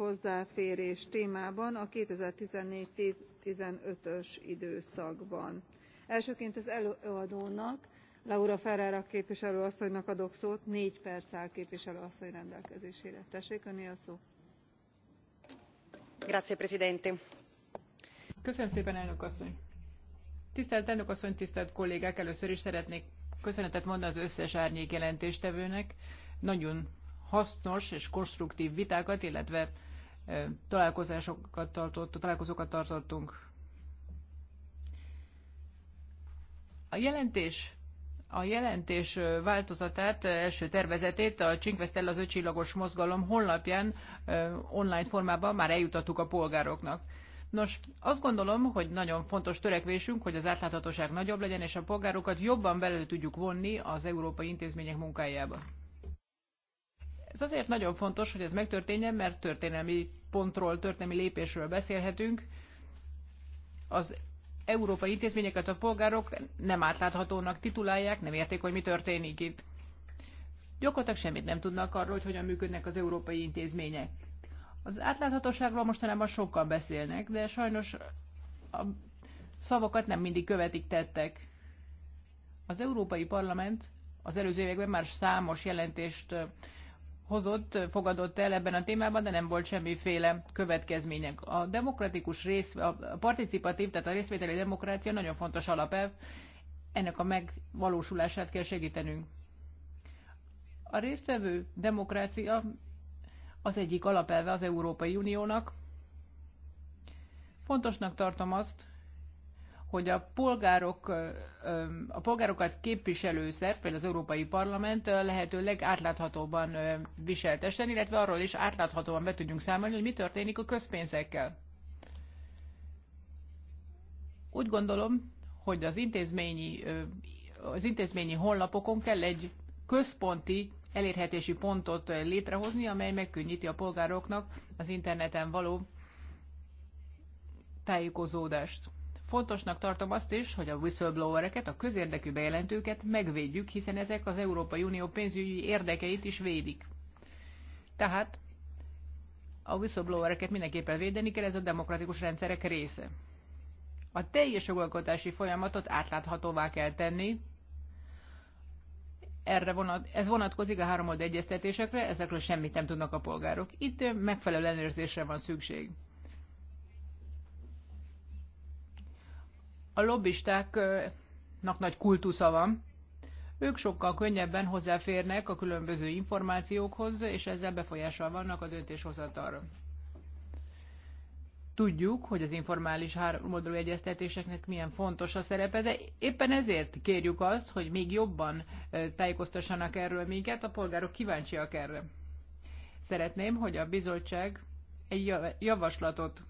hozzáférés témában a two thousand and fourteen fifteen ös időszakban. elsőként az előadónak laura ferrara képviselő asszonynak adok szót négy perc áll képviselő asszony rendelkezésére. tessék öné a szó. Köszönöm szépen, elnök asszony. tisztelt elnök asszony tisztelt kollégák! először is szeretnék köszönetet mondani az összes árnyék jelentéstevőnek. nagyon hasznos és konstruktív vitákat, illetve találkozásokat tartott, találkozókat tartottunk. A jelentés a jelentés változatát, első tervezetét a Csinkvesztel az öcsillagos mozgalom honlapján online formában már eljutattuk a polgároknak. Nos, azt gondolom, hogy nagyon fontos törekvésünk, hogy az átláthatóság nagyobb legyen, és a polgárokat jobban bele tudjuk vonni az európai intézmények munkájába. Ez azért nagyon fontos, hogy ez megtörténjen, mert történelmi pontról, történelmi lépésről beszélhetünk. Az európai intézményeket a polgárok nem átláthatónak titulálják, nem érték, hogy mi történik itt. Gyakorlatilag semmit nem tudnak arról, hogy hogyan működnek az európai intézmények. Az átláthatóságról mostanában sokkal beszélnek, de sajnos a szavakat nem mindig követik tettek. Az Európai Parlament az előző években már számos jelentést hozott, fogadott el ebben a témában, de nem volt semmiféle következmények. A demokratikus rész, a participatív, tehát a részvételi demokrácia nagyon fontos alapelv, ennek a megvalósulását kell segítenünk. A résztvevő demokrácia az egyik alapelve az Európai Uniónak. Fontosnak tartom azt, hogy a, polgárok, a polgárokat képviselő szerv, például az Európai Parlament lehetőleg átláthatóban viseltesen, illetve arról is átláthatóan be tudjunk számolni, hogy mi történik a közpénzekkel. Úgy gondolom, hogy az intézményi, az intézményi honlapokon kell egy központi elérhetési pontot létrehozni, amely megkönnyíti a polgároknak az interneten való tájékozódást. Fontosnak tartom azt is, hogy a whistleblowereket, a közérdekű bejelentőket megvédjük, hiszen ezek az Európai Unió pénzügyi érdekeit is védik. Tehát a whistleblowereket mindenképpen védeni kell, ez a demokratikus rendszerek része. A teljes jogalkotási folyamatot átláthatóvá kell tenni, erre vonat, ez vonatkozik a háromold egyeztetésekre, ezekről semmit nem tudnak a polgárok. Itt megfelelő ellenőrzésre van szükség. A lobbistáknak nagy kultusza van. Ők sokkal könnyebben hozzáférnek a különböző információkhoz, és ezzel befolyással vannak a döntéshozatalra. Tudjuk, hogy az informális háromoldalú egyeztetéseknek milyen fontos a szerepe, de éppen ezért kérjük azt, hogy még jobban tájékoztassanak erről minket, a polgárok kíváncsiak erre. Szeretném, hogy a bizottság egy javaslatot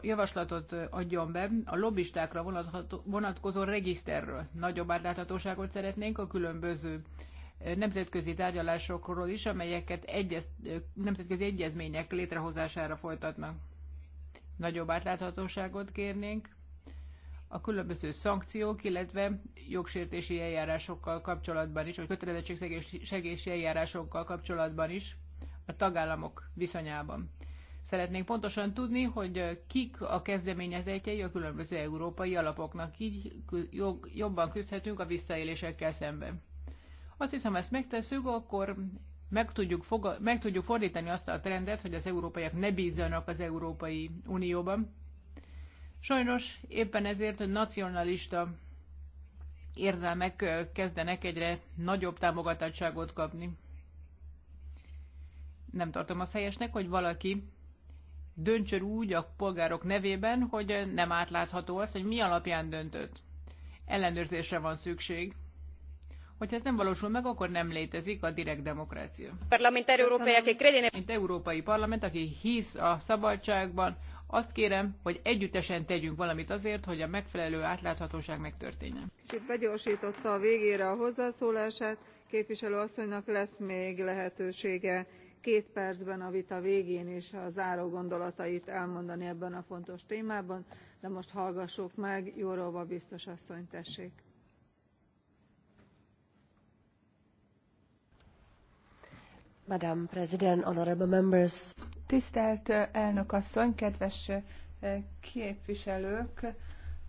javaslatot adjon be a lobbistákra vonatkozó regiszterről. Nagyobb átláthatóságot szeretnénk a különböző nemzetközi tárgyalásokról is, amelyeket egyez, nemzetközi egyezmények létrehozására folytatnak. Nagyobb átláthatóságot kérnénk a különböző szankciók, illetve jogsértési eljárásokkal kapcsolatban is, vagy kötelezettségszegési eljárásokkal kapcsolatban is a tagállamok viszonyában. Szeretnénk pontosan tudni, hogy kik a kezdeményezetjei a különböző európai alapoknak, így jobban küzdhetünk a visszaélésekkel szemben. Azt hiszem, ezt megtesszük, akkor meg tudjuk, foga- meg tudjuk fordítani azt a trendet, hogy az európaiak ne bízzanak az Európai Unióban. Sajnos éppen ezért nacionalista érzelmek kezdenek egyre nagyobb támogatottságot kapni. Nem tartom azt helyesnek, hogy valaki döntsön úgy a polgárok nevében, hogy nem átlátható az, hogy mi alapján döntött. Ellenőrzésre van szükség. Hogyha ez nem valósul meg, akkor nem létezik a direkt demokrácia. Mint európai parlament, aki hisz a szabadságban, azt kérem, hogy együttesen tegyünk valamit azért, hogy a megfelelő átláthatóság megtörténjen. Kicsit begyorsította a végére a hozzászólását, képviselő asszonynak lesz még lehetősége két percben a vita végén is a záró gondolatait elmondani ebben a fontos témában de most hallgassuk meg jourov biztos asszonyt tessék. Madam President, honorable members. Tisztelt elnök asszony, kedves képviselők!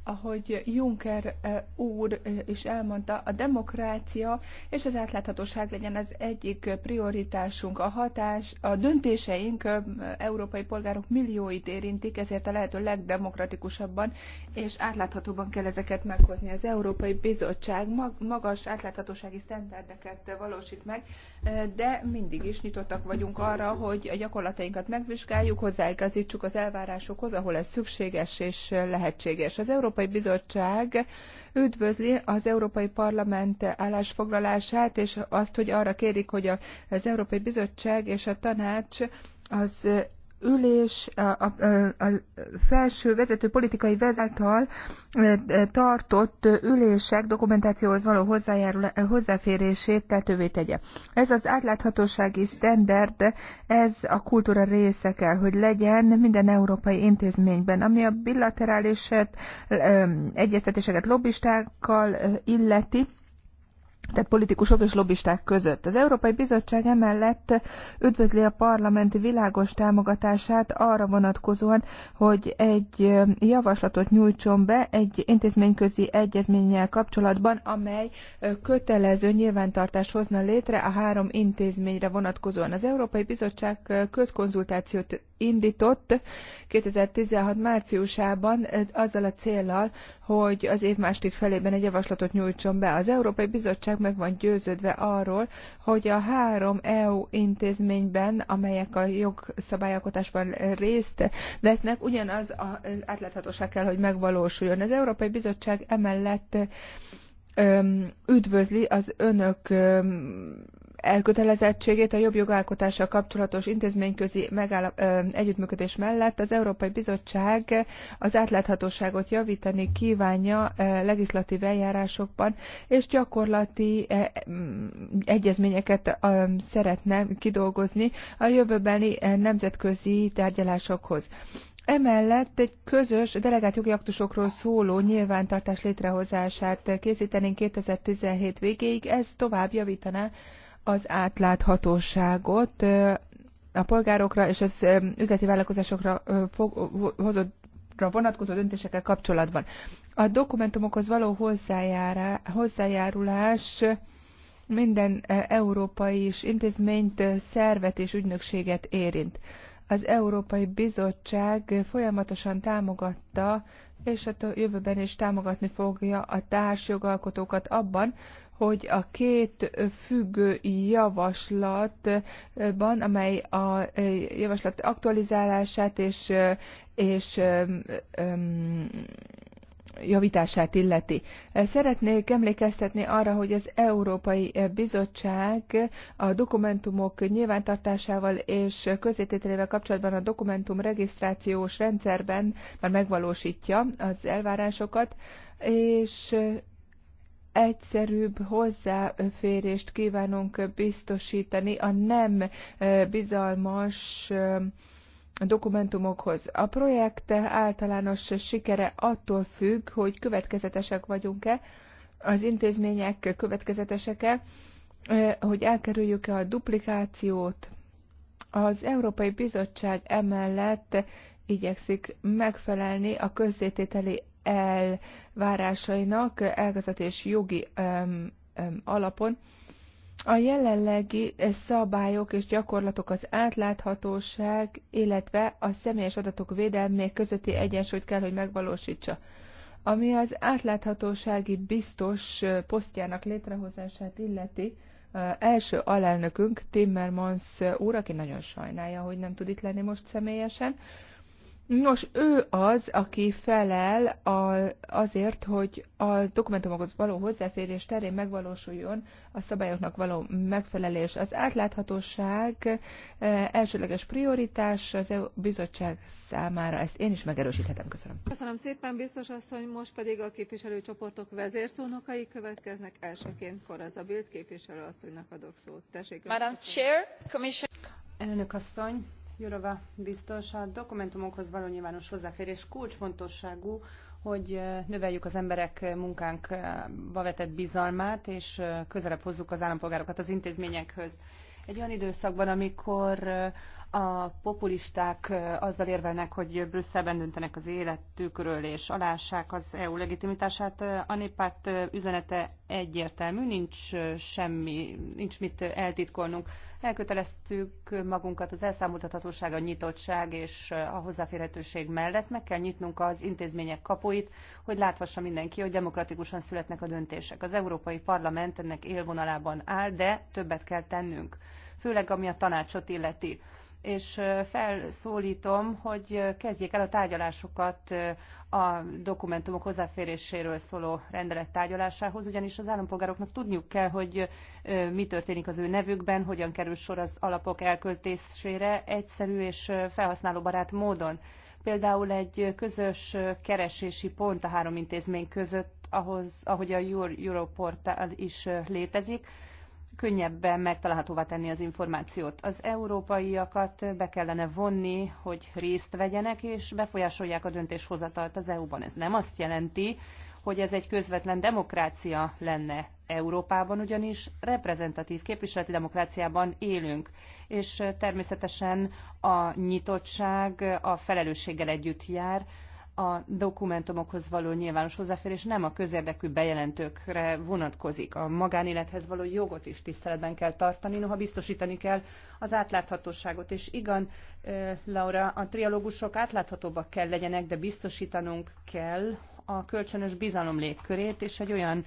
ahogy Juncker eh, úr eh, is elmondta, a demokrácia és az átláthatóság legyen az egyik prioritásunk. A hatás, a döntéseink eh, európai polgárok millióit érintik, ezért a lehető legdemokratikusabban és átláthatóban kell ezeket meghozni. Az Európai Bizottság magas átláthatósági sztenderdeket valósít meg, de mindig is nyitottak vagyunk arra, hogy a gyakorlatainkat megvizsgáljuk, hozzáigazítsuk az elvárásokhoz, ahol ez szükséges és lehetséges. Az Európai Európai Bizottság üdvözli az Európai Parlament állásfoglalását, és azt, hogy arra kérik, hogy az Európai Bizottság és a Tanács az ülés a, a, a felső vezető politikai vezetőtől tartott ülések dokumentációhoz való hozzáférését tetővé tegye. Ez az átláthatósági standard, ez a kultúra része kell, hogy legyen minden európai intézményben, ami a bilaterális egyeztetéseket lobbistákkal illeti tehát politikusok és lobbisták között. Az Európai Bizottság emellett üdvözli a parlamenti világos támogatását arra vonatkozóan, hogy egy javaslatot nyújtson be egy intézményközi egyezménnyel kapcsolatban, amely kötelező nyilvántartást hozna létre a három intézményre vonatkozóan. Az Európai Bizottság közkonzultációt indított 2016 márciusában azzal a céllal, hogy az év másik felében egy javaslatot nyújtson be. Az Európai Bizottság meg van győződve arról, hogy a három EU intézményben, amelyek a jogszabályalkotásban részt vesznek, ugyanaz az átláthatóság kell, hogy megvalósuljon. Az Európai Bizottság emellett üdvözli az önök elkötelezettségét a jobb jogalkotással kapcsolatos intézményközi megállap, együttműködés mellett az Európai Bizottság az átláthatóságot javítani kívánja legislatív eljárásokban, és gyakorlati mm, egyezményeket szeretne kidolgozni a jövőbeni nemzetközi tárgyalásokhoz. Emellett egy közös delegált jogi aktusokról szóló nyilvántartás létrehozását készítenénk 2017 végéig, ez tovább javítaná az átláthatóságot a polgárokra és az üzleti vállalkozásokra hozott vonatkozó döntésekkel kapcsolatban. A dokumentumokhoz való hozzájárulás minden európai és intézményt, szervet és ügynökséget érint. Az Európai Bizottság folyamatosan támogatta, és a jövőben is támogatni fogja a társjogalkotókat abban, hogy a két függő javaslatban, amely a javaslat aktualizálását és, és um, javítását illeti. Szeretnék emlékeztetni arra, hogy az Európai Bizottság a dokumentumok nyilvántartásával és közétételével kapcsolatban a dokumentum regisztrációs rendszerben már megvalósítja az elvárásokat, és egyszerűbb hozzáférést kívánunk biztosítani a nem bizalmas dokumentumokhoz. A projekt általános sikere attól függ, hogy következetesek vagyunk-e, az intézmények következetesek-e, hogy elkerüljük-e a duplikációt. Az Európai Bizottság emellett igyekszik megfelelni a közzétételi elvárásainak elgazatés jogi öm, öm, alapon. A jelenlegi szabályok és gyakorlatok az átláthatóság, illetve a személyes adatok védelmék közötti egyensúlyt kell, hogy megvalósítsa. Ami az átláthatósági biztos posztjának létrehozását illeti, első alelnökünk Timmermans úr, aki nagyon sajnálja, hogy nem tud itt lenni most személyesen, Nos, ő az, aki felel a, azért, hogy a dokumentumokhoz való hozzáférés terén megvalósuljon a szabályoknak való megfelelés. Az átláthatóság eh, elsőleges prioritás az EU bizottság számára. Ezt én is megerősíthetem. Köszönöm. Köszönöm szépen, biztos asszony. Most pedig a képviselőcsoportok vezérszónokai következnek. Elsőként Koraza Bild képviselőasszonynak adok szót. Tessék. Madam Chair, Commission... Elnök asszony, Jurova biztos, a dokumentumokhoz való nyilvános hozzáférés kulcsfontosságú, hogy növeljük az emberek munkánkba vetett bizalmát, és közelebb hozzuk az állampolgárokat az intézményekhöz. Egy olyan időszakban, amikor a populisták azzal érvelnek, hogy Brüsszelben döntenek az életükről, és alássák az EU legitimitását. A néppárt üzenete egyértelmű, nincs semmi, nincs mit eltitkolnunk. Elköteleztük magunkat az elszámoltathatóság, a nyitottság és a hozzáférhetőség mellett. Meg kell nyitnunk az intézmények kapuit, hogy láthassa mindenki, hogy demokratikusan születnek a döntések. Az Európai Parlament ennek élvonalában áll, de többet kell tennünk, főleg ami a tanácsot illeti és felszólítom, hogy kezdjék el a tárgyalásokat a dokumentumok hozzáféréséről szóló rendelet tárgyalásához, ugyanis az állampolgároknak tudniuk kell, hogy mi történik az ő nevükben, hogyan kerül sor az alapok elköltésére egyszerű és felhasználóbarát módon. Például egy közös keresési pont a három intézmény között, ahhoz, ahogy a Europort is létezik, könnyebben megtalálhatóvá tenni az információt. Az európaiakat be kellene vonni, hogy részt vegyenek és befolyásolják a döntéshozatalt az EU-ban. Ez nem azt jelenti, hogy ez egy közvetlen demokrácia lenne Európában, ugyanis reprezentatív képviseleti demokráciában élünk, és természetesen a nyitottság a felelősséggel együtt jár, a dokumentumokhoz való nyilvános hozzáférés nem a közérdekű bejelentőkre vonatkozik. A magánélethez való jogot is tiszteletben kell tartani, noha biztosítani kell az átláthatóságot. És igen, Laura, a trialógusok átláthatóbbak kell legyenek, de biztosítanunk kell a kölcsönös bizalom légkörét, és egy olyan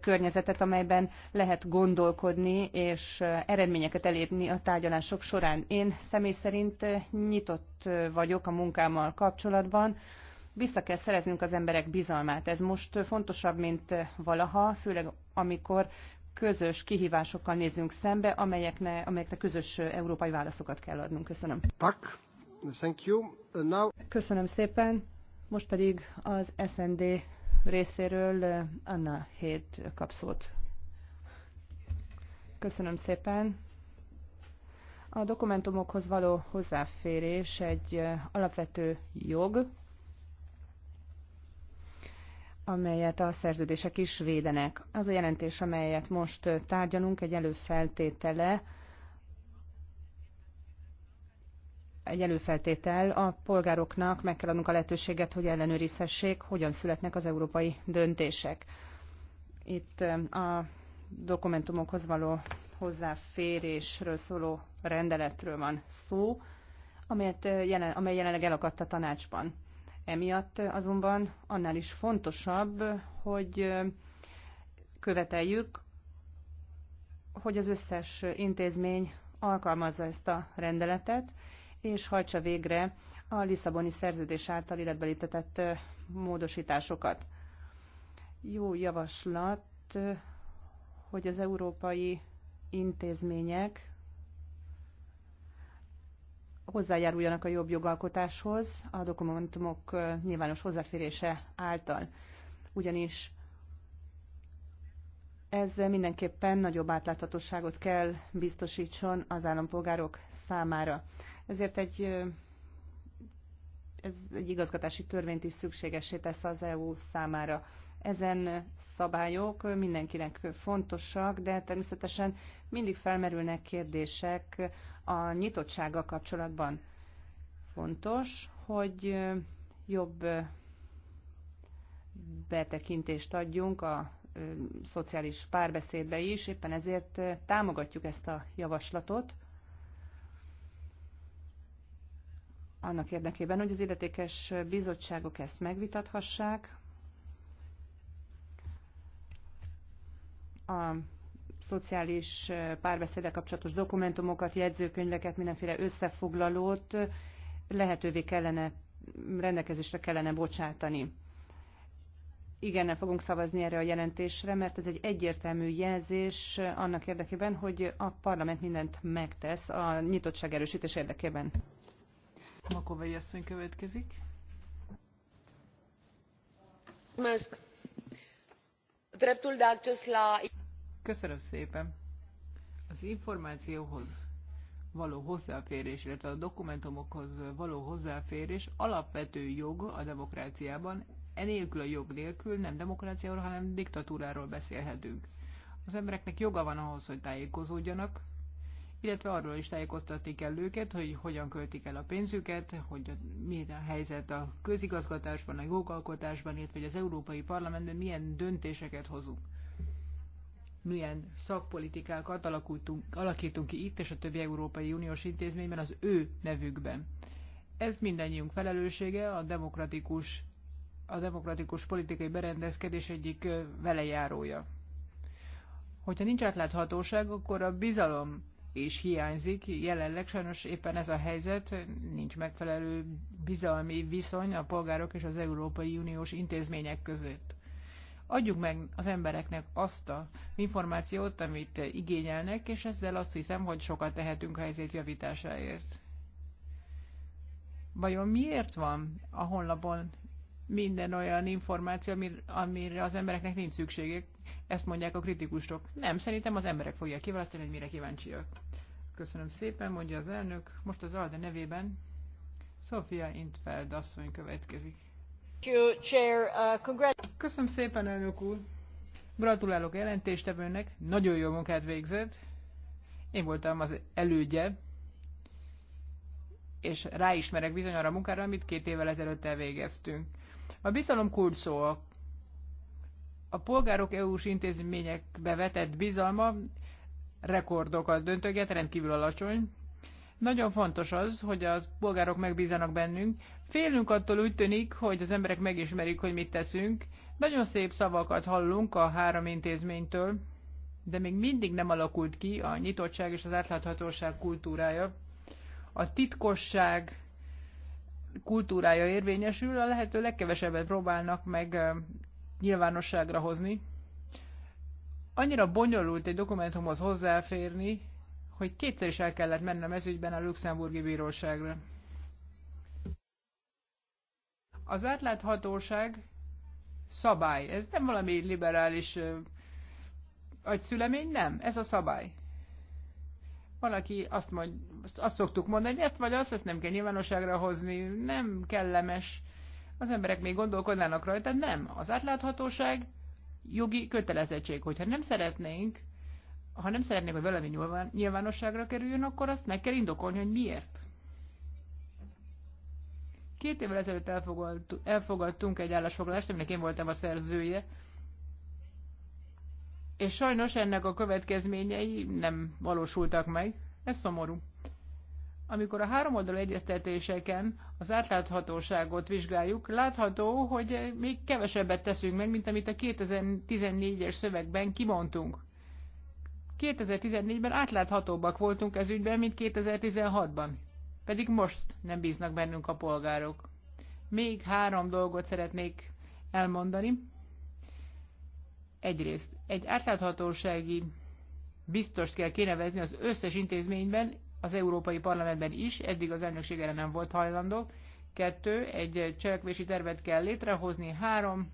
környezetet, amelyben lehet gondolkodni és eredményeket elérni a tárgyalások során. Én személy szerint nyitott vagyok a munkámmal kapcsolatban, vissza kell szereznünk az emberek bizalmát. Ez most fontosabb, mint valaha, főleg amikor közös kihívásokkal nézünk szembe, amelyeknek, amelyeknek közös európai válaszokat kell adnunk. Köszönöm. Tak. Thank you. Now... Köszönöm szépen. Most pedig az SND részéről eh, Anna Hét kap szót. Köszönöm szépen. A dokumentumokhoz való hozzáférés egy eh, alapvető jog, amelyet a szerződések is védenek. Az a jelentés, amelyet most tárgyalunk, egy előfeltétele, egy előfeltétel, a polgároknak meg kell adnunk a lehetőséget, hogy ellenőrizhessék, hogyan születnek az európai döntések. Itt a dokumentumokhoz való hozzáférésről szóló rendeletről van szó, amelyet jelen, amely jelenleg elakadt a tanácsban. Emiatt azonban annál is fontosabb, hogy követeljük, hogy az összes intézmény alkalmazza ezt a rendeletet, és hajtsa végre a Lisszaboni szerződés által illetbelítetett módosításokat. Jó javaslat, hogy az európai intézmények hozzájáruljanak a jobb jogalkotáshoz a dokumentumok nyilvános hozzáférése által. Ugyanis ez mindenképpen nagyobb átláthatóságot kell biztosítson az állampolgárok számára. Ezért egy, ez egy igazgatási törvényt is szükségesé tesz az EU számára. Ezen szabályok mindenkinek fontosak, de természetesen mindig felmerülnek kérdések a nyitottsággal kapcsolatban fontos, hogy jobb betekintést adjunk a szociális párbeszédbe is, éppen ezért támogatjuk ezt a javaslatot, annak érdekében, hogy az illetékes bizottságok ezt megvitathassák. A szociális párbeszéde kapcsolatos dokumentumokat, jegyzőkönyveket, mindenféle összefoglalót lehetővé kellene, rendelkezésre kellene bocsátani. Igen, nem fogunk szavazni erre a jelentésre, mert ez egy egyértelmű jelzés annak érdekében, hogy a parlament mindent megtesz a nyitottság erősítés érdekében. Makovai asszony következik. Dreptul de acces la Köszönöm szépen. Az információhoz való hozzáférés, illetve a dokumentumokhoz való hozzáférés alapvető jog a demokráciában. Enélkül a jog nélkül nem demokráciáról, hanem diktatúráról beszélhetünk. Az embereknek joga van ahhoz, hogy tájékozódjanak, illetve arról is tájékoztatni kell őket, hogy hogyan költik el a pénzüket, hogy mi a helyzet a közigazgatásban, a jogalkotásban, illetve hogy az Európai Parlamentben milyen döntéseket hozunk milyen szakpolitikákat alakítunk ki itt és a többi Európai Uniós intézményben az ő nevükben. Ez mindannyiunk felelőssége, a demokratikus, a demokratikus politikai berendezkedés egyik velejárója. Hogyha nincs átláthatóság, akkor a bizalom és hiányzik. Jelenleg sajnos éppen ez a helyzet, nincs megfelelő bizalmi viszony a polgárok és az Európai Uniós intézmények között. Adjuk meg az embereknek azt a információt, amit igényelnek, és ezzel azt hiszem, hogy sokat tehetünk a helyzet javításáért. Vajon miért van a honlapon minden olyan információ, amire az embereknek nincs szükségük? Ezt mondják a kritikusok. Nem, szerintem az emberek fogják kiválasztani, hogy mire kíváncsiak. Köszönöm szépen, mondja az elnök. Most az Alde nevében Sofia Intfeld asszony következik. Uh, Köszönöm szépen, elnök úr! Gratulálok jelentéstevőnek, nagyon jó munkát végzett. Én voltam az elődje, és ráismerek bizony arra a munkára, amit két évvel ezelőtt elvégeztünk. A bizalom kulcs szó. A polgárok EU-s intézményekbe vetett bizalma rekordokat döntöget, rendkívül alacsony, nagyon fontos az, hogy az polgárok megbízanak bennünk. Félünk attól úgy tűnik, hogy az emberek megismerik, hogy mit teszünk. Nagyon szép szavakat hallunk a három intézménytől, de még mindig nem alakult ki a nyitottság és az átláthatóság kultúrája. A titkosság kultúrája érvényesül, a lehető legkevesebbet próbálnak meg nyilvánosságra hozni. Annyira bonyolult egy dokumentumhoz hozzáférni, hogy kétszer is el kellett mennem ezügyben a luxemburgi bíróságra. Az átláthatóság szabály. Ez nem valami liberális agyszülemény, nem. Ez a szabály. Valaki azt, mond, azt szoktuk mondani, ezt vagy azt, ezt nem kell nyilvánosságra hozni, nem kellemes. Az emberek még gondolkodnának rajta, nem. Az átláthatóság jogi kötelezettség. Hogyha nem szeretnénk ha nem szeretnék, hogy valami nyilvánosságra kerüljön, akkor azt meg kell indokolni, hogy miért. Két évvel ezelőtt elfogadtunk egy állásfoglalást, aminek én voltam a szerzője, és sajnos ennek a következményei nem valósultak meg. Ez szomorú. Amikor a oldal egyeztetéseken az átláthatóságot vizsgáljuk, látható, hogy még kevesebbet teszünk meg, mint amit a 2014-es szövegben kimondtunk. 2014-ben átláthatóbbak voltunk ez ügyben, mint 2016-ban. Pedig most nem bíznak bennünk a polgárok. Még három dolgot szeretnék elmondani. Egyrészt egy átláthatósági biztost kell kinevezni az összes intézményben, az Európai Parlamentben is, eddig az elnökség erre nem volt hajlandó. Kettő, egy cselekvési tervet kell létrehozni. Három,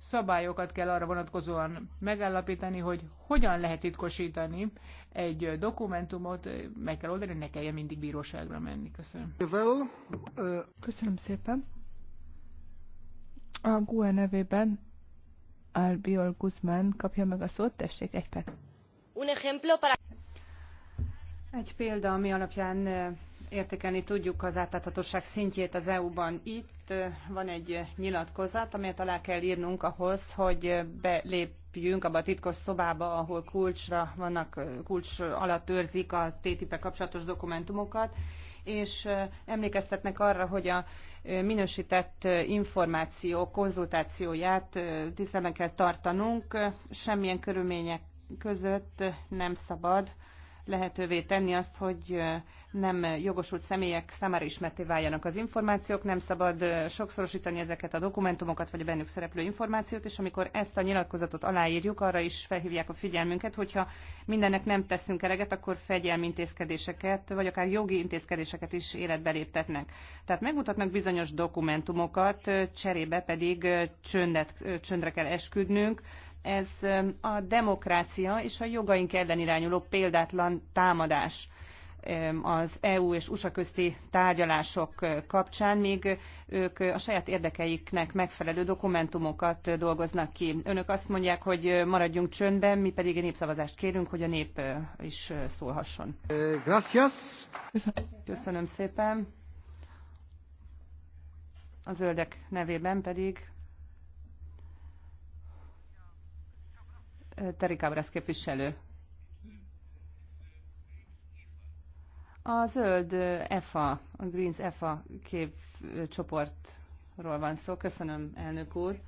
szabályokat kell arra vonatkozóan megállapítani, hogy hogyan lehet titkosítani egy dokumentumot, meg kell oldani, ne kelljen mindig bíróságra menni. Köszönöm. Uh, Köszönöm szépen. A GUE nevében Albiol Guzmán kapja meg a szót, tessék egy perc. Egy példa, ami alapján értékelni tudjuk az átláthatóság szintjét az EU-ban. Itt van egy nyilatkozat, amelyet alá kell írnunk ahhoz, hogy belépjünk abba a titkos szobába, ahol kulcsra vannak, kulcs alatt őrzik a ttip kapcsolatos dokumentumokat, és emlékeztetnek arra, hogy a minősített információ konzultációját tisztelben kell tartanunk, semmilyen körülmények között nem szabad lehetővé tenni azt, hogy nem jogosult személyek számára ismerté váljanak az információk, nem szabad sokszorosítani ezeket a dokumentumokat, vagy a bennük szereplő információt, és amikor ezt a nyilatkozatot aláírjuk, arra is felhívják a figyelmünket, hogyha mindennek nem teszünk eleget, akkor fegyelmi intézkedéseket, vagy akár jogi intézkedéseket is életbe léptetnek. Tehát megmutatnak bizonyos dokumentumokat, cserébe pedig csöndet, csöndre kell esküdnünk, ez a demokrácia és a jogaink ellen irányuló példátlan támadás az EU és USA közti tárgyalások kapcsán, még ők a saját érdekeiknek megfelelő dokumentumokat dolgoznak ki. Önök azt mondják, hogy maradjunk csöndben, mi pedig egy népszavazást kérünk, hogy a nép is szólhasson. Eh, gracias. Köszönöm szépen. A zöldek nevében pedig Terikábrász képviselő. A zöld EFA, a Greens EFA képcsoportról van szó. Köszönöm, elnök úr.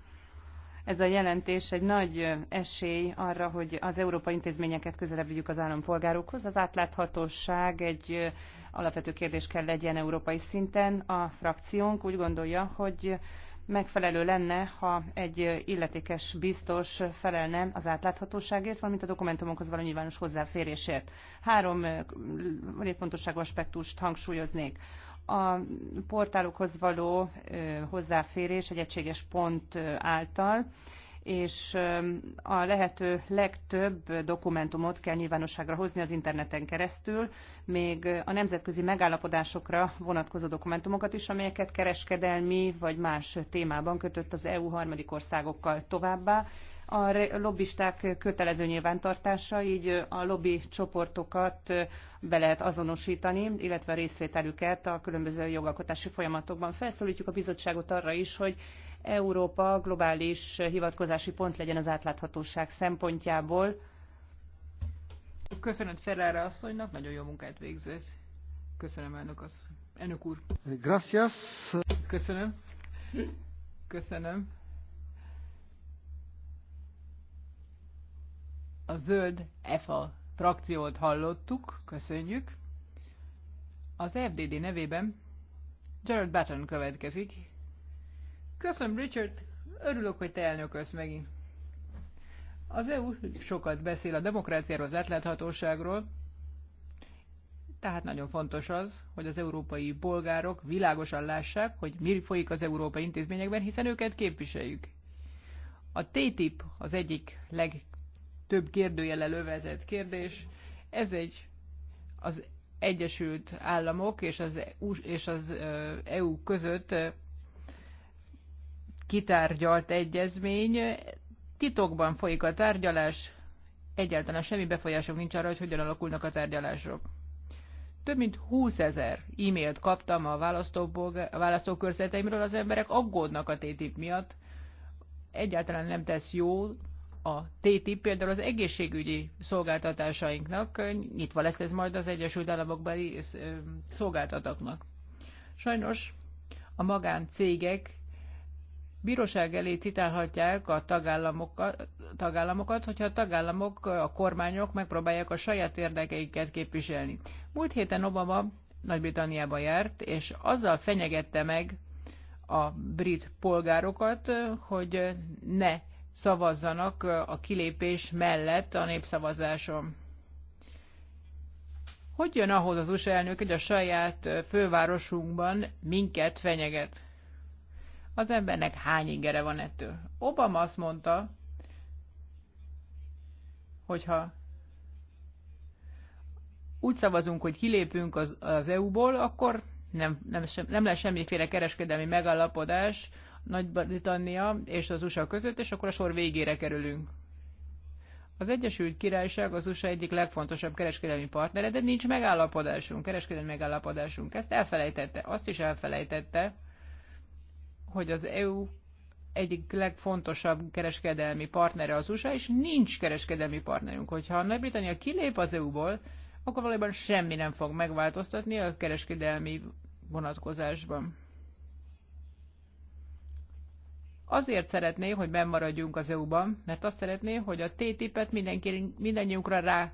Ez a jelentés egy nagy esély arra, hogy az európai intézményeket közelebb vigyük az állampolgárokhoz. Az átláthatóság egy alapvető kérdés kell legyen európai szinten. A frakciónk úgy gondolja, hogy megfelelő lenne, ha egy illetékes biztos felelne az átláthatóságért, valamint a dokumentumokhoz való nyilvános hozzáférésért. Három létfontosságú aspektust hangsúlyoznék. A portálokhoz való hozzáférés egy egységes pont által, és a lehető legtöbb dokumentumot kell nyilvánosságra hozni az interneten keresztül, még a nemzetközi megállapodásokra vonatkozó dokumentumokat is, amelyeket kereskedelmi vagy más témában kötött az EU harmadik országokkal továbbá. A lobbisták kötelező nyilvántartása, így a lobby csoportokat be lehet azonosítani, illetve a részvételüket a különböző jogalkotási folyamatokban. Felszólítjuk a bizottságot arra is, hogy Európa globális hivatkozási pont legyen az átláthatóság szempontjából. Köszönöm Ferrara asszonynak, nagyon jó munkát végzett. Köszönöm elnök, az, elnök úr. Gracias. Köszönöm. Köszönöm. A zöld EFA frakciót hallottuk, köszönjük. Az FDD nevében Gerald Batten következik Köszönöm, Richard. Örülök, hogy te elnökölsz megint. Az EU sokat beszél a demokráciáról, az átláthatóságról, tehát nagyon fontos az, hogy az európai polgárok világosan lássák, hogy mi folyik az európai intézményekben, hiszen őket képviseljük. A TTIP az egyik legtöbb kérdőjele lövezett kérdés. Ez egy az Egyesült Államok és az EU, és az EU között kitárgyalt egyezmény. Titokban folyik a tárgyalás, egyáltalán semmi befolyásom nincs arra, hogy hogyan alakulnak a tárgyalások. Több mint 20 ezer e-mailt kaptam a, a választókörzeteimről, az emberek aggódnak a TTIP miatt. Egyáltalán nem tesz jó a TTIP például az egészségügyi szolgáltatásainknak, nyitva lesz ez majd az Egyesült Államokbeli szolgáltatóknak. Sajnos a magáncégek bíróság elé citálhatják a tagállamokat, tagállamokat, hogyha a tagállamok, a kormányok megpróbálják a saját érdekeiket képviselni. Múlt héten Obama Nagy-Britanniába járt, és azzal fenyegette meg a brit polgárokat, hogy ne szavazzanak a kilépés mellett a népszavazáson. Hogy jön ahhoz az USA elnök, hogy a saját fővárosunkban minket fenyeget? az embernek hány ingere van ettől. Obama azt mondta, hogyha úgy szavazunk, hogy kilépünk az, az EU-ból, akkor nem, nem, sem, nem lesz semmiféle kereskedelmi megállapodás Nagy-Britannia és az USA között, és akkor a sor végére kerülünk. Az Egyesült Királyság az USA egyik legfontosabb kereskedelmi partnere, de nincs megállapodásunk, kereskedelmi megállapodásunk. Ezt elfelejtette, azt is elfelejtette, hogy az EU egyik legfontosabb kereskedelmi partnere az USA, és nincs kereskedelmi partnerünk. Hogyha a Nagy-Britannia kilép az EU-ból, akkor valójában semmi nem fog megváltoztatni a kereskedelmi vonatkozásban. Azért szeretné, hogy bennmaradjunk az EU-ban, mert azt szeretné, hogy a TTIP-et mindenki, mindannyiunkra rá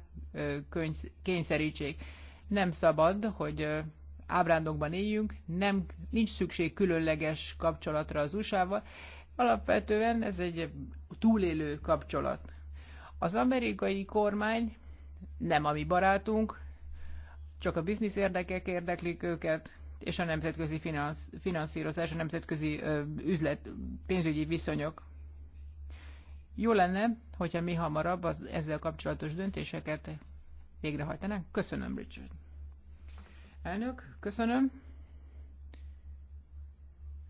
kényszerítsék. Nem szabad, hogy ábrándokban éljünk, nem, nincs szükség különleges kapcsolatra az USA-val. Alapvetően ez egy túlélő kapcsolat. Az amerikai kormány nem a mi barátunk, csak a biznisz érdekek érdeklik őket, és a nemzetközi finansz, finanszírozás, a nemzetközi ö, üzlet, pénzügyi viszonyok. Jó lenne, hogyha mi hamarabb az ezzel kapcsolatos döntéseket végrehajtanánk. Köszönöm, Richard. Elnök, köszönöm.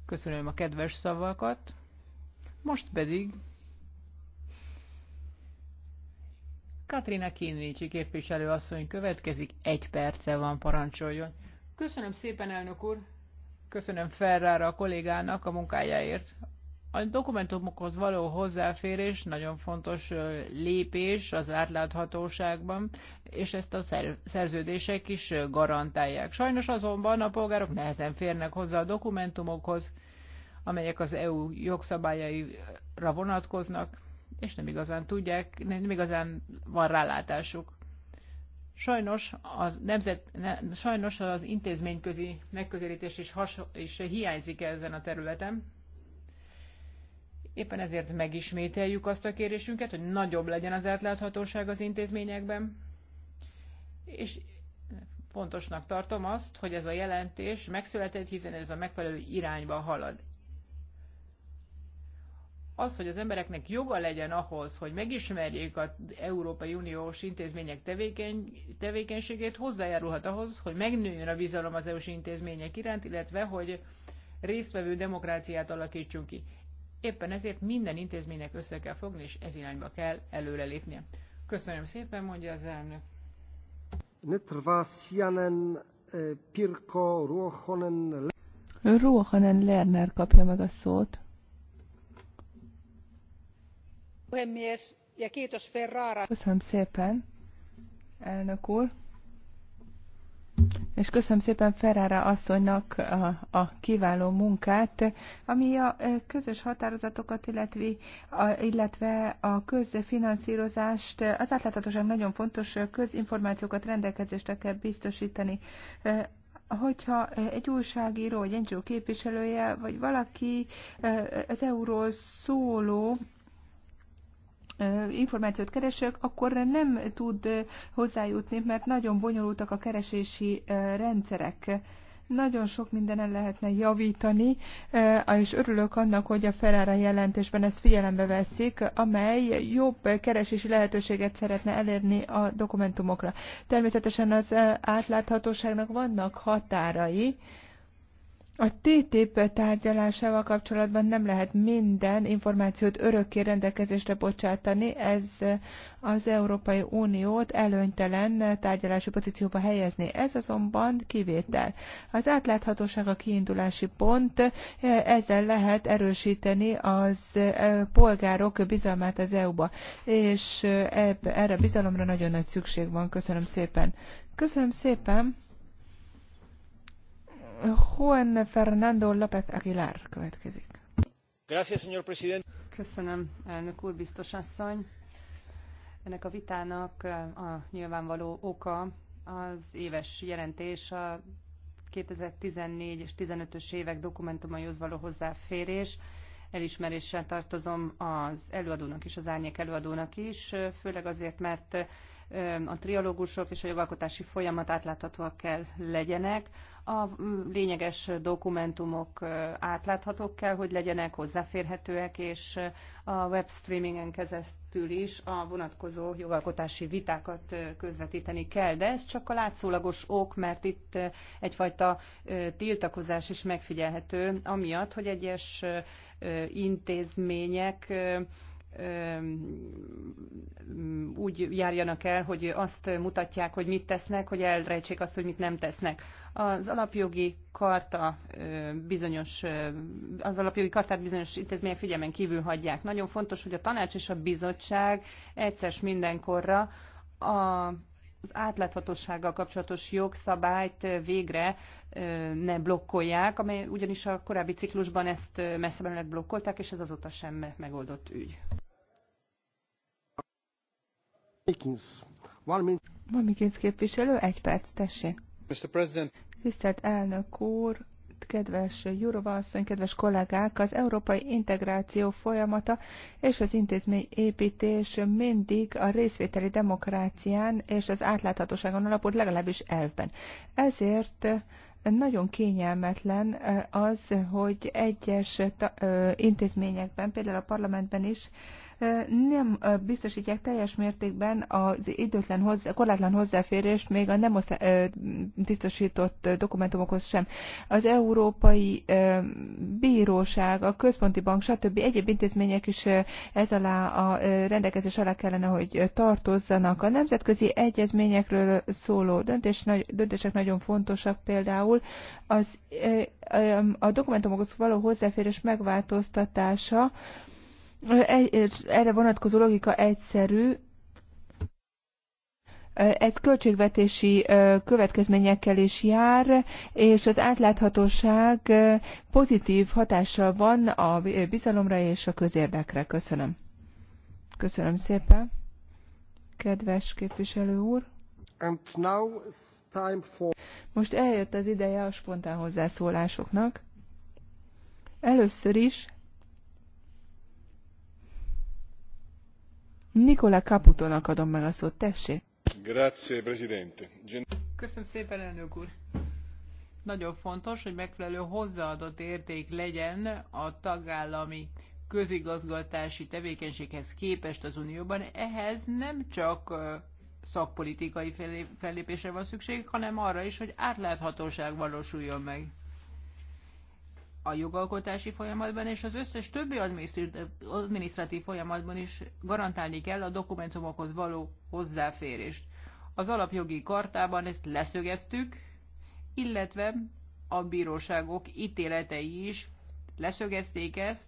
Köszönöm a kedves szavakat. Most pedig Katrina Kinnicsi képviselő asszony következik, egy perce van, parancsoljon. Köszönöm szépen, elnök úr! Köszönöm Ferrára a kollégának a munkájáért, a dokumentumokhoz való hozzáférés nagyon fontos lépés az átláthatóságban, és ezt a szerződések is garantálják. Sajnos azonban a polgárok nehezen férnek hozzá a dokumentumokhoz, amelyek az EU jogszabályaira vonatkoznak, és nem igazán tudják, nem igazán van rálátásuk. Sajnos az, nemzet, ne, sajnos az intézményközi megközelítés is, has, is hiányzik ezen a területen, Éppen ezért megismételjük azt a kérésünket, hogy nagyobb legyen az átláthatóság az intézményekben, és fontosnak tartom azt, hogy ez a jelentés megszületett, hiszen ez a megfelelő irányba halad. Az, hogy az embereknek joga legyen ahhoz, hogy megismerjék az Európai Uniós intézmények tevékeny, tevékenységét, hozzájárulhat ahhoz, hogy megnőjön a bizalom az EU-s intézmények iránt, illetve hogy résztvevő demokráciát alakítsunk ki. Éppen ezért minden intézménynek össze kell fogni, és ez irányba kell előrelépnie. Köszönöm szépen, mondja az elnök. Netrvászjanen eh, Pirko Ruohonen Lerner kapja meg a szót. Köszönöm szépen, elnök úr és köszönöm szépen Ferrara asszonynak a, a kiváló munkát, ami a közös határozatokat, illetve a, illetve a közfinanszírozást, az átláthatóság nagyon fontos, közinformációkat rendelkezésre kell biztosítani. Hogyha egy újságíró, egy NGO képviselője, vagy valaki az euróról szóló információt keresek, akkor nem tud hozzájutni, mert nagyon bonyolultak a keresési rendszerek. Nagyon sok mindenen lehetne javítani, és örülök annak, hogy a Ferrara jelentésben ezt figyelembe veszik, amely jobb keresési lehetőséget szeretne elérni a dokumentumokra. Természetesen az átláthatóságnak vannak határai, a TTIP tárgyalásával kapcsolatban nem lehet minden információt örökké rendelkezésre bocsátani, ez az Európai Uniót előnytelen tárgyalási pozícióba helyezni. Ez azonban kivétel. Az átláthatóság a kiindulási pont, ezzel lehet erősíteni az e, polgárok bizalmát az EU-ba, és e, erre bizalomra nagyon nagy szükség van. Köszönöm szépen. Köszönöm szépen. Juan Fernando López Aguilar következik. Gracias, señor presidente. Köszönöm, elnök úr, biztos asszony. Ennek a vitának eh, a nyilvánvaló oka az éves jelentés a 2014 és 15-ös évek dokumentumaihoz való hozzáférés. Elismeréssel tartozom az előadónak is, az árnyék előadónak is, főleg azért, mert eh, a trialógusok és a jogalkotási folyamat átláthatóak kell legyenek a lényeges dokumentumok átláthatók kell, hogy legyenek hozzáférhetőek, és a streamingen keresztül is a vonatkozó jogalkotási vitákat közvetíteni kell. De ez csak a látszólagos ok, mert itt egyfajta tiltakozás is megfigyelhető, amiatt, hogy egyes intézmények úgy járjanak el, hogy azt mutatják, hogy mit tesznek, hogy elrejtsék azt, hogy mit nem tesznek. Az alapjogi karta bizonyos, az alapjogi kartát bizonyos intézmények figyelmen kívül hagyják. Nagyon fontos, hogy a tanács és a bizottság egyszer mindenkorra a az átláthatósággal kapcsolatos jogszabályt végre ne blokkolják, amely ugyanis a korábbi ciklusban ezt messze blokkolták, és ez azóta sem megoldott ügy. Mamikins képviselő, egy perc, tessék. Mr. President. Tisztelt elnök úr, kedves Jurova asszony, kedves kollégák, az európai integráció folyamata és az intézmény építés mindig a részvételi demokrácián és az átláthatóságon alapul legalábbis elvben. Ezért nagyon kényelmetlen az, hogy egyes intézményekben, például a parlamentben is, nem biztosítják teljes mértékben az időtlen hozzá, korlátlan hozzáférést még a nem tisztosított dokumentumokhoz sem. Az Európai Bíróság, a Központi Bank, stb. egyéb intézmények is ez alá a rendelkezés alá kellene, hogy tartozzanak. A nemzetközi egyezményekről szóló döntés, döntések nagyon fontosak, például az, a dokumentumokhoz való hozzáférés megváltoztatása, erre vonatkozó logika egyszerű, ez költségvetési következményekkel is jár, és az átláthatóság pozitív hatással van a bizalomra és a közérdekre. Köszönöm. Köszönöm szépen, kedves képviselő úr. And now time for... Most eljött az ideje a spontán hozzászólásoknak. Először is Nikola Caputónak adom meg a szót, tessék. Grazie, Presidente. Gen Köszönöm szépen, elnök úr. Nagyon fontos, hogy megfelelő hozzáadott érték legyen a tagállami közigazgatási tevékenységhez képest az Unióban. Ehhez nem csak szakpolitikai fellépésre van szükség, hanem arra is, hogy átláthatóság valósuljon meg a jogalkotási folyamatban és az összes többi adminisztratív folyamatban is garantálni kell a dokumentumokhoz való hozzáférést. Az alapjogi kartában ezt leszögeztük, illetve a bíróságok ítéletei is leszögezték ezt.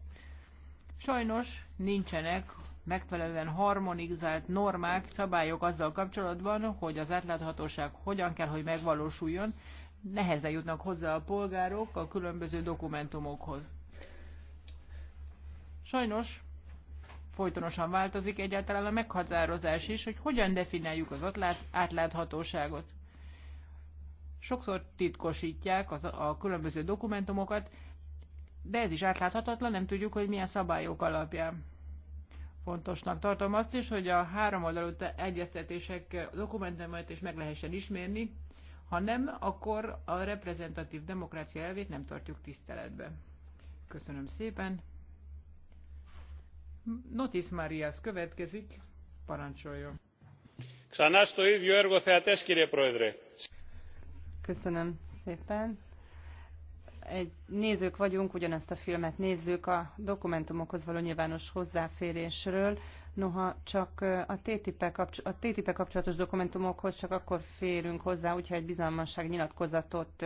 Sajnos nincsenek megfelelően harmonizált normák, szabályok azzal kapcsolatban, hogy az átláthatóság hogyan kell, hogy megvalósuljon, nehezen jutnak hozzá a polgárok a különböző dokumentumokhoz. Sajnos folytonosan változik egyáltalán a meghatározás is, hogy hogyan defináljuk az átláthatóságot. Sokszor titkosítják az, a különböző dokumentumokat, de ez is átláthatatlan, nem tudjuk, hogy milyen szabályok alapján. Fontosnak tartom azt is, hogy a három oldalú egyeztetések dokumentumait is meg lehessen ismerni, ha nem, akkor a reprezentatív demokrácia elvét nem tartjuk tiszteletbe. Köszönöm szépen. Notis Marias következik. Parancsoljon. Köszönöm szépen. Egy nézők vagyunk, ugyanazt a filmet nézzük a dokumentumokhoz való nyilvános hozzáférésről Noha csak a TTIP-e kapcsol- TTIP kapcsolatos dokumentumokhoz csak akkor férünk hozzá, hogyha egy bizalmasság nyilatkozatot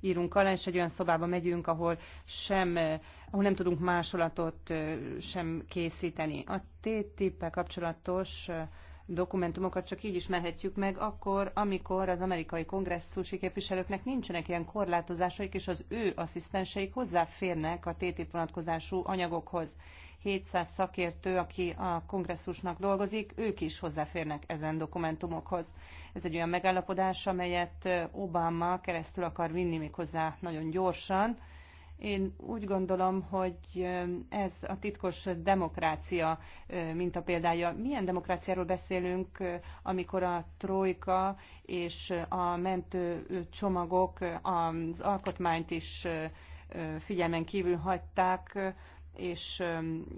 írunk alá, és egy olyan szobába megyünk, ahol, sem, ahol nem tudunk másolatot sem készíteni. A TTIP-e kapcsolatos dokumentumokat csak így ismerhetjük meg, akkor, amikor az amerikai kongresszusi képviselőknek nincsenek ilyen korlátozásaik, és az ő asszisztenseik hozzáférnek a TTIP vonatkozású anyagokhoz. 700 szakértő, aki a kongresszusnak dolgozik, ők is hozzáférnek ezen dokumentumokhoz. Ez egy olyan megállapodás, amelyet Obama keresztül akar vinni méghozzá nagyon gyorsan, én úgy gondolom, hogy ez a titkos demokrácia mint a példája. Milyen demokráciáról beszélünk, amikor a trojka és a mentő csomagok az alkotmányt is figyelmen kívül hagyták, és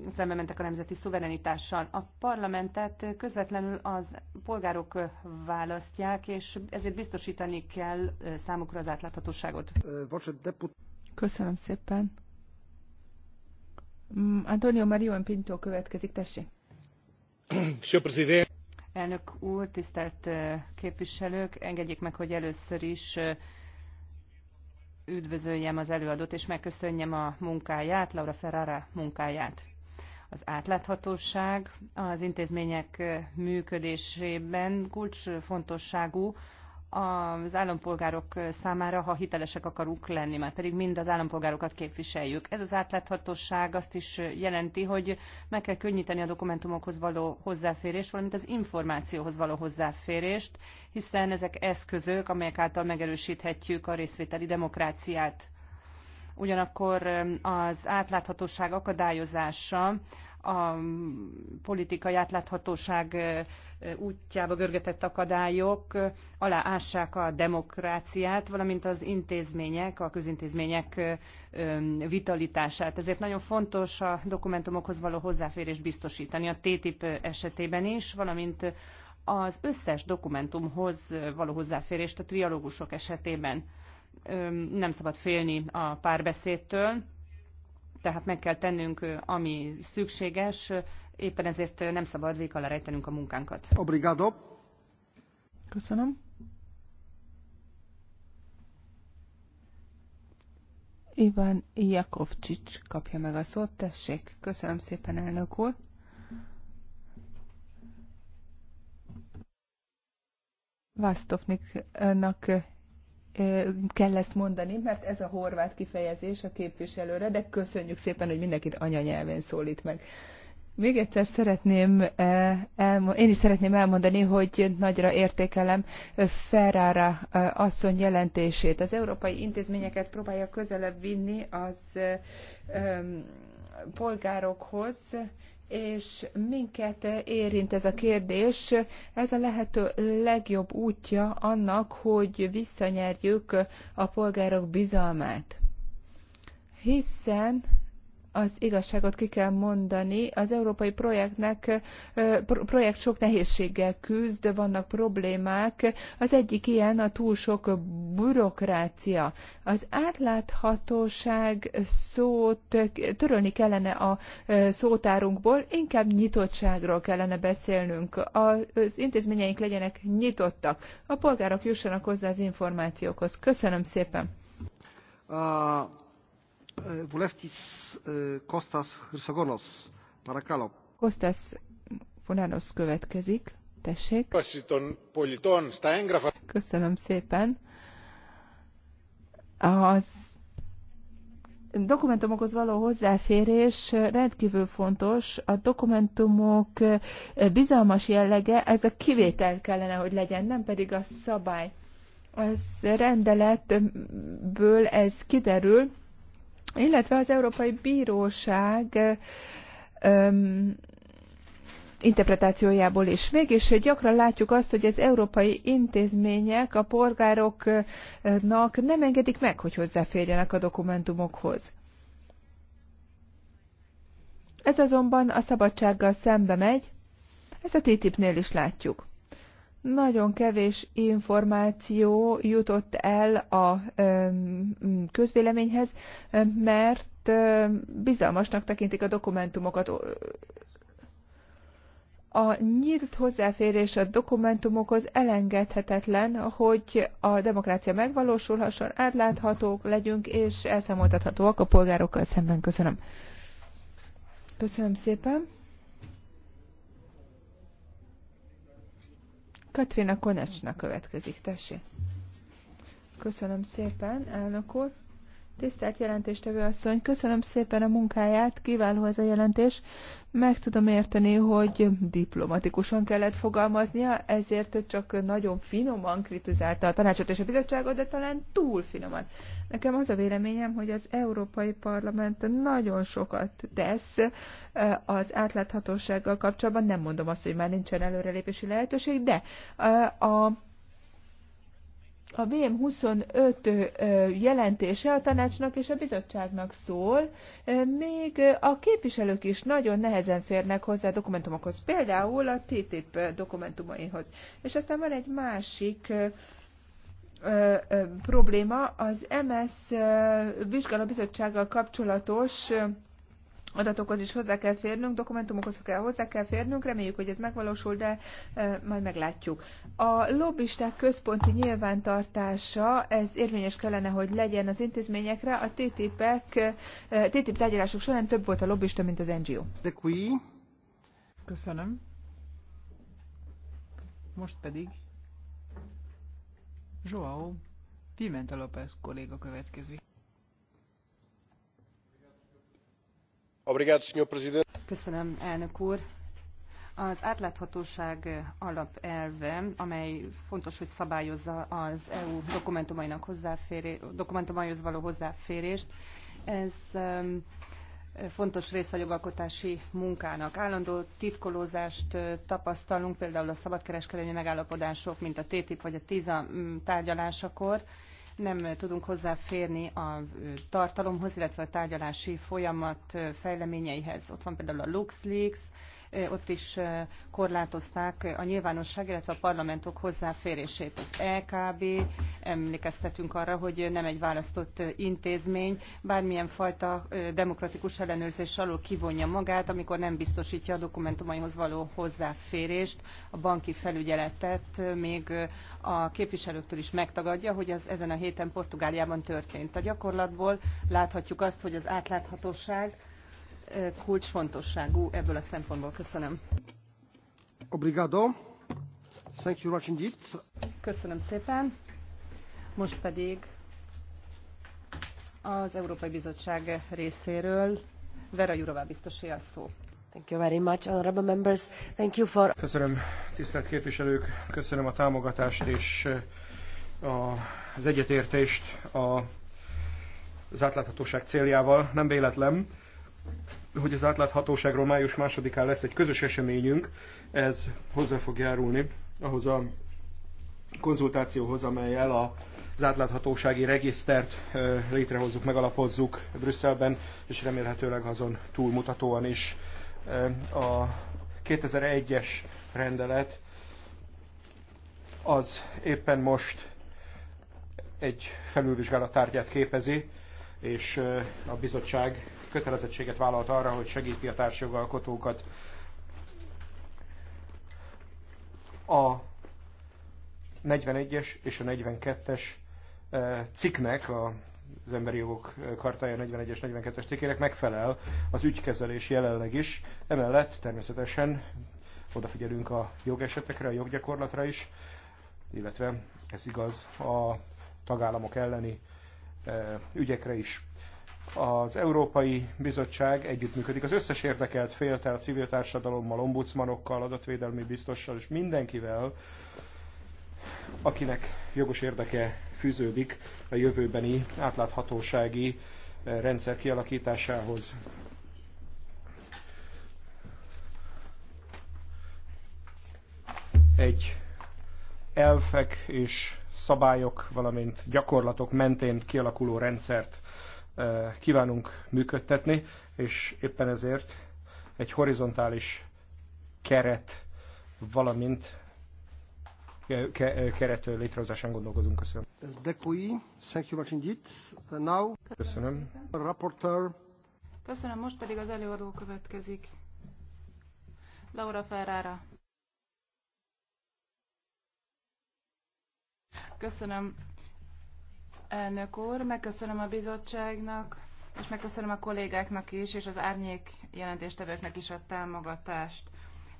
szembe mentek a nemzeti szuverenitással. A parlamentet közvetlenül az polgárok választják, és ezért biztosítani kell számukra az átláthatóságot. Köszönöm szépen. Mm, Antonio Mario Pinto következik, tessék. Elnök úr, tisztelt képviselők, engedjék meg, hogy először is üdvözöljem az előadót, és megköszönjem a munkáját, Laura Ferrara munkáját. Az átláthatóság az intézmények működésében kulcsfontosságú az állampolgárok számára, ha hitelesek akarunk lenni, mert pedig mind az állampolgárokat képviseljük. Ez az átláthatóság azt is jelenti, hogy meg kell könnyíteni a dokumentumokhoz való hozzáférést, valamint az információhoz való hozzáférést, hiszen ezek eszközök, amelyek által megerősíthetjük a részvételi demokráciát. Ugyanakkor um, az átláthatóság akadályozása a politikai átláthatóság útjába görgetett akadályok aláássák a demokráciát, valamint az intézmények, a közintézmények vitalitását. Ezért nagyon fontos a dokumentumokhoz való hozzáférés biztosítani a TTIP esetében is, valamint az összes dokumentumhoz való hozzáférést a trialógusok esetében. Nem szabad félni a párbeszédtől, tehát meg kell tennünk, ami szükséges, éppen ezért nem szabad vég alá rejtenünk a munkánkat. Obrigado. Köszönöm. Iván Jakovcsics kapja meg a szót, tessék. Köszönöm szépen, elnök úr. Vásztofniknak kell ezt mondani, mert ez a horvát kifejezés a képviselőre, de köszönjük szépen, hogy mindenkit anyanyelvén szólít meg. Még egyszer szeretném, én is szeretném elmondani, hogy nagyra értékelem Ferrara asszony jelentését. Az európai intézményeket próbálja közelebb vinni az polgárokhoz, és minket érint ez a kérdés. Ez a lehető legjobb útja annak, hogy visszanyerjük a polgárok bizalmát. Hiszen az igazságot ki kell mondani. Az európai projektnek, projekt sok nehézséggel küzd, vannak problémák. Az egyik ilyen a túl sok bürokrácia. Az átláthatóság szót törölni kellene a szótárunkból, inkább nyitottságról kellene beszélnünk. Az intézményeink legyenek nyitottak. A polgárok jussanak hozzá az információkhoz. Köszönöm szépen! Uh... Vuleftis eh, Kostas Hrisogonos. Parakalo. Kostas Funanos következik. Tessék. Köszönöm szépen. Az dokumentumokhoz való hozzáférés rendkívül fontos. A dokumentumok bizalmas jellege, ez a kivétel kellene, hogy legyen, nem pedig a szabály. Az rendeletből ez kiderül, illetve az Európai Bíróság interpretációjából is. Mégis gyakran látjuk azt, hogy az európai intézmények a polgároknak nem engedik meg, hogy hozzáférjenek a dokumentumokhoz. Ez azonban a szabadsággal szembe megy, ezt a TTIP-nél is látjuk. Nagyon kevés információ jutott el a közvéleményhez, mert bizalmasnak tekintik a dokumentumokat. A nyílt hozzáférés a dokumentumokhoz elengedhetetlen, hogy a demokrácia megvalósulhasson, átláthatók legyünk és elszámoltathatóak a polgárokkal szemben. Köszönöm. Köszönöm szépen. Katrina Konecsna következik, tessék. Köszönöm szépen, elnök úr. Tisztelt jelentéstevő asszony, köszönöm szépen a munkáját, kiváló ez a jelentés. Meg tudom érteni, hogy diplomatikusan kellett fogalmaznia, ezért csak nagyon finoman kritizálta a tanácsot és a bizottságot, de talán túl finoman. Nekem az a véleményem, hogy az Európai Parlament nagyon sokat tesz eh, az átláthatósággal kapcsolatban. Nem mondom azt, hogy már nincsen előrelépési lehetőség, de eh, a a VM25 jelentése a tanácsnak és a bizottságnak szól, még a képviselők is nagyon nehezen férnek hozzá a dokumentumokhoz, például a TTIP dokumentumaihoz. És aztán van egy másik probléma, az MS vizsgálóbizottsággal kapcsolatos adatokhoz is hozzá kell férnünk, dokumentumokhoz kell hozzá kell férnünk, reméljük, hogy ez megvalósul, de majd meglátjuk. A lobbisták központi nyilvántartása, ez érvényes kellene, hogy legyen az intézményekre, a TTIP-ek, TTIP tárgyalások során több volt a lobbista, mint az NGO. De qui. Köszönöm. Most pedig João Pimenta López kolléga következik. Köszönöm, Az átláthatóság alapelve, amely fontos, hogy szabályozza az EU dokumentumainak dokumentumaihoz való hozzáférést, ez um, fontos része a jogalkotási munkának. Állandó titkolózást tapasztalunk például a szabadkereskedelmi megállapodások, mint a TTIP vagy a TISA mm, tárgyalásakor, nem tudunk hozzáférni a tartalomhoz, illetve a tárgyalási folyamat fejleményeihez. Ott van például a LuxLeaks, ott is korlátozták a nyilvánosság, illetve a parlamentok hozzáférését. Az LKB, e emlékeztetünk arra, hogy nem egy választott intézmény, bármilyen fajta demokratikus ellenőrzés alól kivonja magát, amikor nem biztosítja a dokumentumaihoz való hozzáférést, a banki felügyeletet még a képviselőktől is megtagadja, hogy az ezen a héten Portugáliában történt. A gyakorlatból láthatjuk azt, hogy az átláthatóság kulcsfontosságú ebből a szempontból. Köszönöm. Obrigado. Thank you much indeed. Köszönöm szépen. Most pedig az Európai Bizottság részéről Vera Jurová biztosé a szó. Thank you very much, honorable members. Thank you for... Köszönöm, tisztelt képviselők, köszönöm a támogatást és a, eh, az egyetértést a, az átláthatóság céljával. Nem véletlen, hogy az átláthatóságról május másodikán lesz egy közös eseményünk, ez hozzá fog járulni ahhoz a konzultációhoz, amelyel a az átláthatósági regisztert létrehozzuk, megalapozzuk Brüsszelben, és remélhetőleg azon túlmutatóan is a 2001-es rendelet az éppen most egy felülvizsgálat tárgyát képezi, és a bizottság kötelezettséget vállalt arra, hogy segíti a társjogalkotókat. A 41-es és a 42-es eh, cikknek, az emberi jogok kartája 41-es, 42-es cikkének megfelel az ügykezelés jelenleg is. Emellett természetesen odafigyelünk a jogesetekre, a joggyakorlatra is, illetve ez igaz a tagállamok elleni eh, ügyekre is az Európai Bizottság együttműködik az összes érdekelt féltel, a civil társadalommal, ombudsmanokkal, adatvédelmi biztossal és mindenkivel, akinek jogos érdeke fűződik a jövőbeni átláthatósági eh, rendszer kialakításához. Egy elfek és szabályok, valamint gyakorlatok mentén kialakuló rendszert kívánunk működtetni, és éppen ezért egy horizontális keret, valamint keret létrehozásán gondolkodunk. Köszönöm. Thank you much indeed. Now, Köszönöm. Köszönöm, most pedig az előadó következik. Laura Ferrara. Köszönöm Elnök úr, megköszönöm a bizottságnak, és megköszönöm a kollégáknak is, és az árnyék jelentéstevőknek is a támogatást.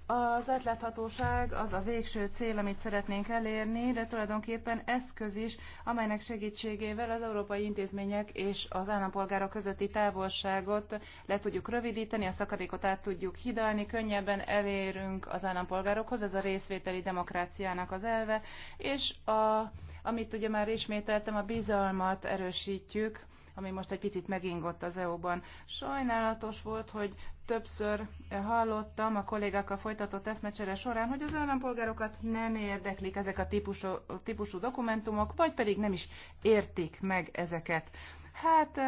Az átláthatóság az a végső cél, amit szeretnénk elérni, de tulajdonképpen eszköz is, amelynek segítségével az európai intézmények és az állampolgárok közötti távolságot le tudjuk rövidíteni, a szakadékot át tudjuk hidalni, könnyebben elérünk az állampolgárokhoz, ez a részvételi demokráciának az elve, és a, amit ugye már ismételtem, a bizalmat erősítjük ami most egy picit megingott az EU-ban. Sajnálatos volt, hogy többször hallottam a kollégákkal folytatott eszmecsere során, hogy az állampolgárokat nem érdeklik ezek a típusú, típusú dokumentumok, vagy pedig nem is értik meg ezeket. Hát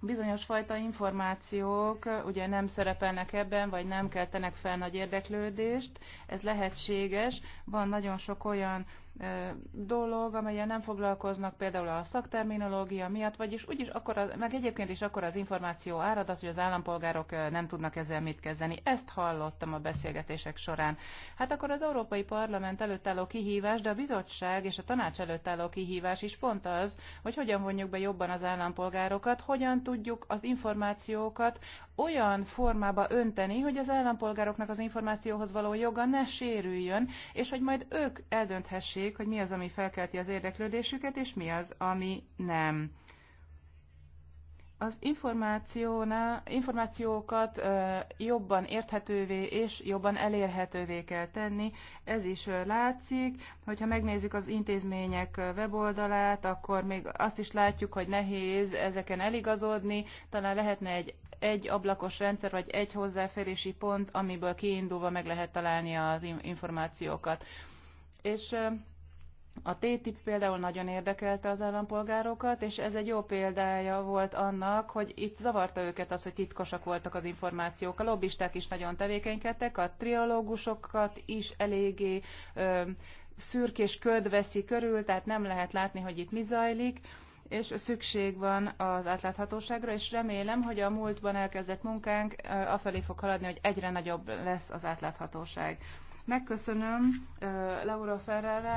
bizonyos fajta információk ugye nem szerepelnek ebben, vagy nem keltenek fel nagy érdeklődést. Ez lehetséges. Van nagyon sok olyan dolog, amelyen nem foglalkoznak például a szakterminológia miatt, vagyis úgyis akkor, az, meg egyébként is akkor az információ áradat, hogy az állampolgárok nem tudnak ezzel mit kezdeni. Ezt hallottam a beszélgetések során. Hát akkor az Európai Parlament előtt álló kihívás, de a bizottság és a tanács előtt álló kihívás is pont az, hogy hogyan vonjuk be jobban az állampolgárokat, hogyan tudjuk az információkat olyan formába önteni, hogy az állampolgároknak az információhoz való joga ne sérüljön, és hogy majd ők eldönthessék, figyeljék, hogy mi az, ami felkelti az érdeklődésüket, és mi az, ami nem. Az információkat jobban érthetővé és jobban elérhetővé kell tenni. Ez is látszik, hogyha megnézzük az intézmények weboldalát, akkor még azt is látjuk, hogy nehéz ezeken eligazodni. Talán lehetne egy egy ablakos rendszer, vagy egy hozzáférési pont, amiből kiindulva meg lehet találni az információkat. És a TTIP például nagyon érdekelte az állampolgárokat, és ez egy jó példája volt annak, hogy itt zavarta őket az, hogy titkosak voltak az információk. A lobbisták is nagyon tevékenykedtek, a triológusokat is eléggé ö, és köd veszi körül, tehát nem lehet látni, hogy itt mi zajlik és szükség van az átláthatóságra, és remélem, hogy a múltban elkezdett munkánk afelé fog haladni, hogy egyre nagyobb lesz az átláthatóság. Megköszönöm Laura Ferrara